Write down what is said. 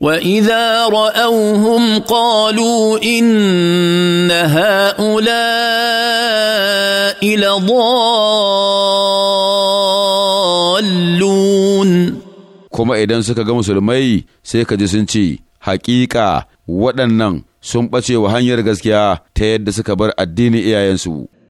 واذا راوهم قالوا ان هؤلاء لضالون kuma idan suka ga musulmai sai ka ji sun ce haƙiƙa waɗannan sun ɓace wa hanyar gaskiya ta yadda suka bar addinin iyayensu